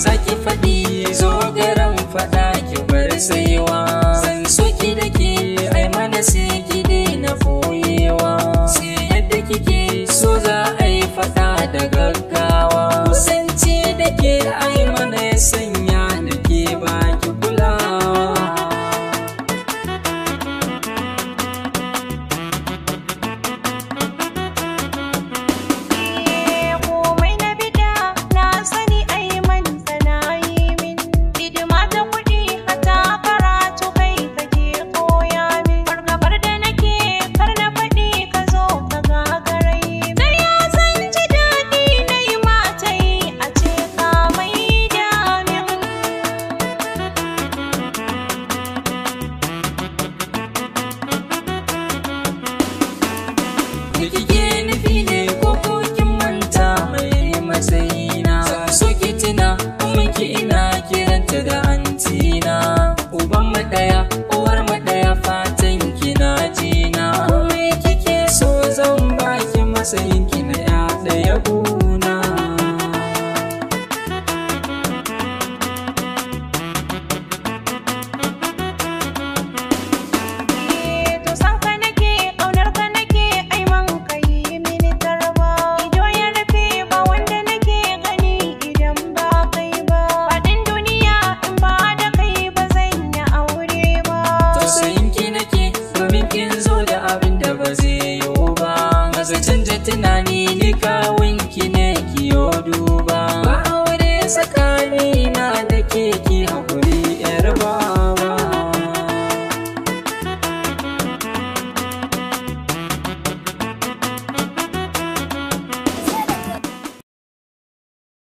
zaki faɗi zo garin faɗa ki bar wa. Did you